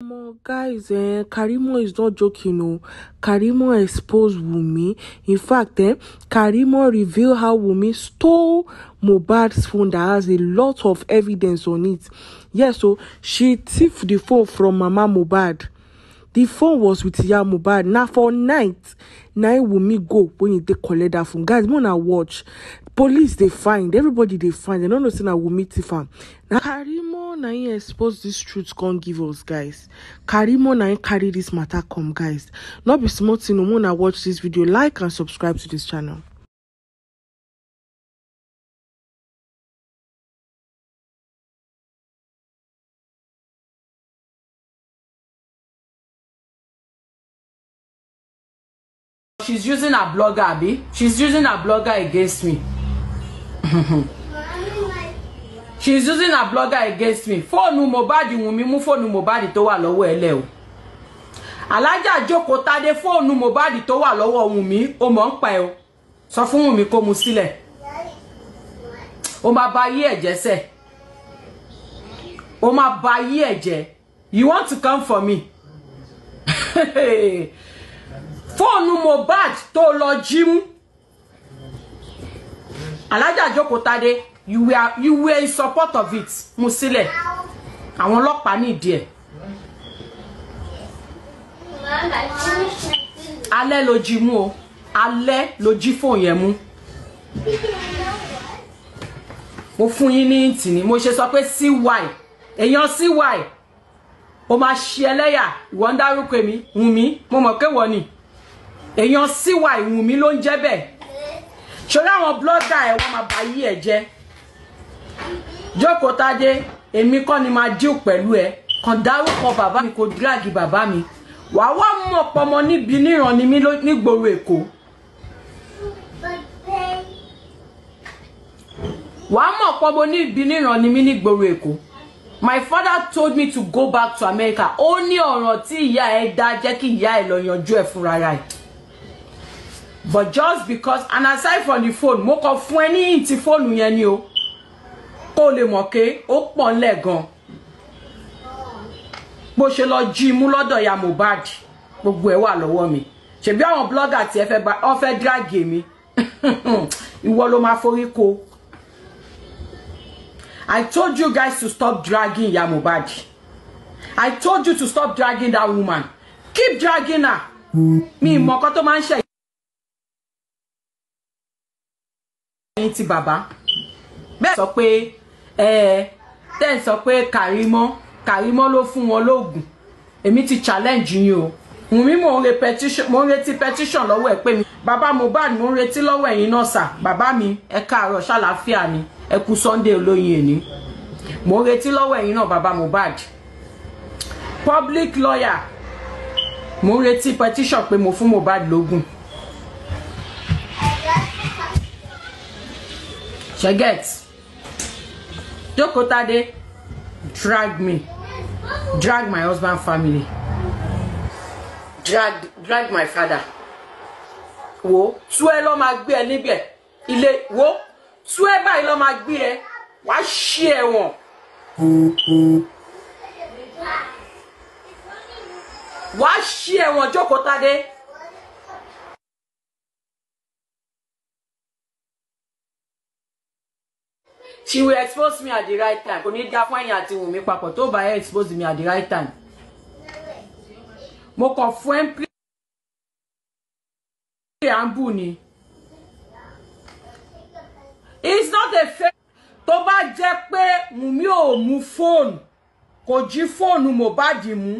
Omo guys eh, Karimo is not joking oh. Karimo exposed Wumi. In fact, eh, Karimo revealed how Wumi stole Mohbad's phone that has a lot of evidence on it. Yes, yeah, so she thieved the phone from Mama Mohbad. The phone was with Iya Mohbad. Now for night, night Wumi go when e take collect that phone. Guys, wanna watch police they find everybody They find dem no know I will meet tiff am Now, karimo na im expose dis truth Can't give us guys karimo na im carry this matter come guys no be small thing o una watch this video like and subscribe to this channel. She's using a blogger, Abby. She's using a blogger against me. she's using her blogger against me fóònù mohbad Wunmi mú fóònù mohbad tó wà lọ́wọ́ ẹ lẹ́ o alájà jókòó tádé fóònù mohbad tó wà lọ́wọ́ Wunmi o mọ̀ ń pa ẹ o sọ fún Wunmi kó mu sílẹ̀ o máa ba yí ẹ̀jẹ̀ sẹ̀ o máa ba yí ẹ̀jẹ̀ you want to come for me fóònù mohbad tó lọ jí mú alájà jókòtadé you were you were in support of it mo sílẹ̀ àwọn ọlọ́pàá nídìí ẹ̀ alẹ́ ló jí mú o alẹ́ ló jí fóun yẹn mú mo fún yín ní tìní mo ṣe sọ pé cy èèyàn cy o máa ṣe ẹlẹ́yà ìwọ ń dárúkọ èmi wùn mí mo mọ̀ kéwọ́ ni èèyàn cy wùn mí ló ń jẹ́ bẹ́ẹ̀ ṣọlá àwọn blọ́dà ẹ̀ wọ́n máa ba yí ẹ̀ jẹ́ jókòó tádé èmi kọ́ ni máa díù pẹ̀lú ẹ kàn dárúkọ bàbá mi kò dírágì bàbá mi wàá wá mú ọ̀pọ̀ níbi níran ni mí nígboro èkó wàá mú ọ̀pọ̀ ọmọ níbi níran ni mí nígboro èkó my father told me to go back to America ó ní ọ̀ràn tí ìyá ẹ dá jẹ́ kí ìyá ẹ lọ yanjú ẹ̀ fúnra rẹ̀ but just because and aside from the phone mo kàn fún ẹ ní ìtì fóònù ni o kó o lè mọ̀ pé ó pọ̀ ńlẹ̀ gan bó ṣe lọ jí imú lọ́dọ̀ ya Mohbad gbogbo ẹ̀ wà lọ́wọ́ mi ṣebí àwọn blogger tí ẹ fẹ́ bá ọ fẹ́ dráàgì e mi ìwọ ló máa forí ko I told you guys to stop dragging ya Mohbad I told you to stop dragging that woman keep dragging her mi ìmọ̀kan tó máa ń ṣe. ẹ̀yin ti bàbá bẹ́ẹ̀ sọ pé tẹ́ ẹ̀ sọ pé Kàrímọ́ Kàrímọ́ ló fún wọn lóògùn èmi ti challenge yín o Wùnmí mò ń retí petition lọ́wọ́ ẹ̀ pé mi bàbá Mohbad mò ń retí lọ́wọ́ ẹ̀yin náà sà bàbá mi ẹ káàárọ̀ ṣàlàáfíà ni ẹ kú Sunday olóyin èní mò ń retí lọ́wọ́ ẹ̀yin náà bàbá Mohbad public lawyer mò ń retí petition pé mo fún Mohbad lóògùn she gets. get Jokotade drag me drag my husband family drag drag my father wo tú ẹ lọ máa gbé ẹ níbẹ̀ ilé wo tú ẹ báyìí lọ máa gbé ẹ wàá ṣí ẹ wọn. wàá ṣí ẹ wọn Jokotade. she will expose me at the right time kò ní dá fún ẹ̀yin àti Wùnmí papọ̀ tó bá expose me at the right time mo kàn fún ẹ́ ń pè àǹbù ni it's not a fake tó bá jẹ́ pé Wùnmí ò mú fóònù kò jí fóònù Mohbad mú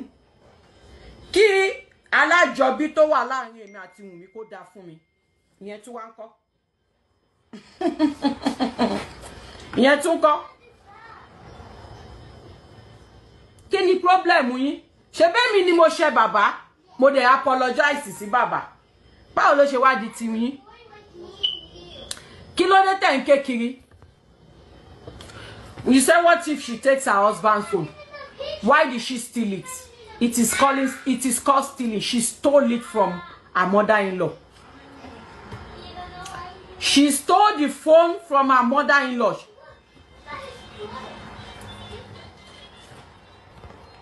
kí alájọbí tó wà láàrin èmi àti Wùnmí kó dáa fún mi ìyẹn tún wá ń kọ́. ìyẹn tún kọ́ kí ni problem yín ṣe bẹ́ẹ̀mi ni mo ṣe bàbá mo dẹ̀ apologize sí bàbá báwo ló ṣe wá di ti yín kí ló dé tẹ̀ ń ké kiri you say what if she takes her husband's phone why did she steal it it is calling it is called stealing she stole it from her mother-in-law she stole the phone from her mother-in-law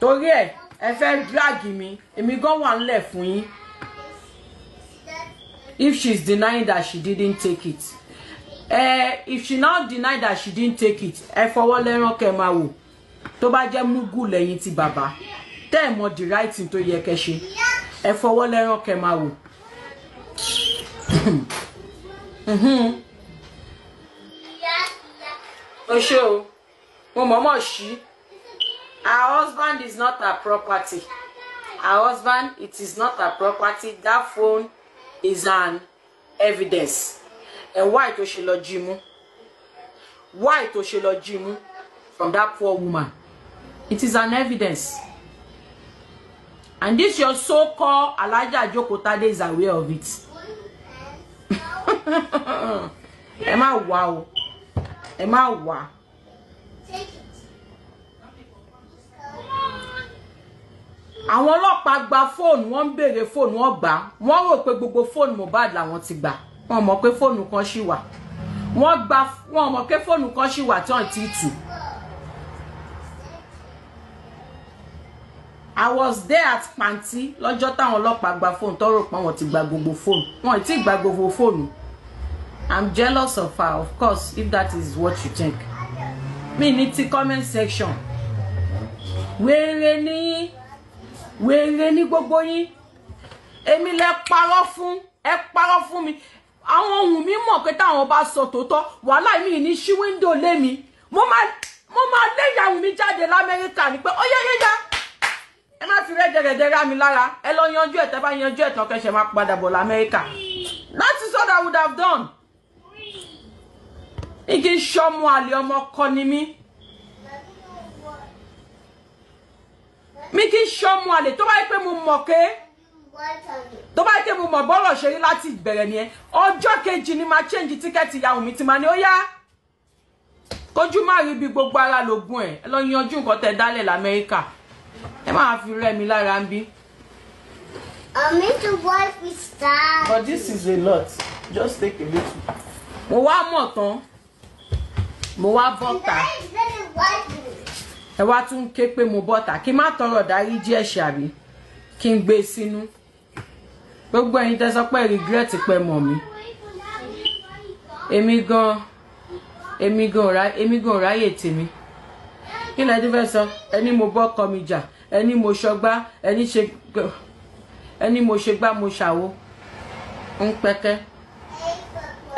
torí ẹ ẹ fẹ́ drag mi èmi gan wà ńlẹ̀ fún yín if she's denying that she didn't take it uh, if she now deny that she didn't take it ẹ fọwọ́ lẹ́rán kẹ́ máa wò tó bá jẹ́ múgù lẹ́yìn ti bàbá tẹ́ ẹ̀ mọ the right thing tó yẹ kẹ́ ṣe ẹ fọwọ́ lẹ́rán kẹ́ máa wò. o ṣe o mo mọ̀ọ́mọ̀ ṣí her husband is not her property her husband it is not her property that phone is an evidence and why to she lọ jí why to she lọ jí from that poor woman it is an evidence and this your so called Elijah Jokotade is aware of it Am I wow? Am I wow? àwọn ọlọ́pàá gba fóònù wọ́n ń béèrè fóònù wọ́n gbà wọ́n rò pé gbogbo fóònù Mohbad làwọn ti gbà wọ́n mọ̀ pé fóònù kan ṣì wà wọ́n gba wọ́n mọ̀ pé fóònù kan ṣì wà tán ti tù. I was there at panti lọ́jọ́ táwọn ọlọ́pàá gba fóònù tọ́rọ̀ pé wọ́n ti gba gbogbo fóònù wọ́n ti gba gbogbo fóònù I'm jealous of her of course if that is what you think mi ní ti comment section wéré ní wèrè ní gbogbo yín èmi lẹ parọ́ fún ẹ parọ́ fún mi àwọn ohun mi mọ̀ pé táwọn bá sọ tòótọ́ wàhálà mi ní ṣí wíńdò lémi mo máa mo máa lé ìyàwó mi jáde lamẹ́ríkà ni pé ó yẹ yẹyà ẹ má fi rẹ́ dẹ̀rẹ̀dẹ̀ rá mi lára ẹ lọ yanjú ẹ̀ tẹ́ bá yanjú ẹ̀ tán kẹsẹ̀ máa padà bọ̀ lamẹ́ríkà that is what I would have done igi ń ṣọmọ àlè ọmọ kọ ni mí. mi kì í ṣọmọ àlè tó bá yẹ pé mo mọ̀ ké tó bá yẹ pé mo mọ̀ bọ́rọ̀ ṣe rí láti ìbẹ̀rẹ̀ nìyẹn ọjọ́ kejì ni máa change tíkẹ́ẹ̀tì ìyàwó mi ti máa ní ó yá kójú má rí bí gbogbo ara lògùn ẹ̀ ẹ lọ yanjú nǹkan tẹ́ dálẹ̀ l'Amẹ́ríkà ẹ máa fi rẹ́ mi lára ń bí. I'm into what we start. But this is a lot. Just take a little. Mo wá mọ̀ tán. Mo wá bọ́ta ẹ wá tún ké pé mo bọ́ta kí má tọrọ dáríjì ẹ̀ṣẹ̀ àbí kí n gbé e sínú gbogbo ẹ̀yin tẹ́ sọ pé regret pẹ́ mọ̀ mi èmi gan èmi gan ọ̀rá èmi gan ọ̀ráyè tèmi kí lẹ́yìn tó fẹ́ sọ ẹni mo bọ́ ọkọ mi jà ẹni mo ṣọgbá ẹni ṣe ẹni mo ṣe mo ṣàwo ń pẹ́kẹ́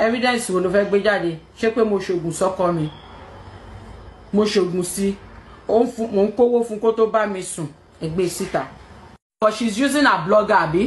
evidence wo ló fẹ́ gbé jáde ṣé pé mo ṣògùn sọ́kọ mi mo ṣògùn sí i mò ń kówó fún kó tó bá mi sùn ẹ gbé e síta but she's using her blogger àbí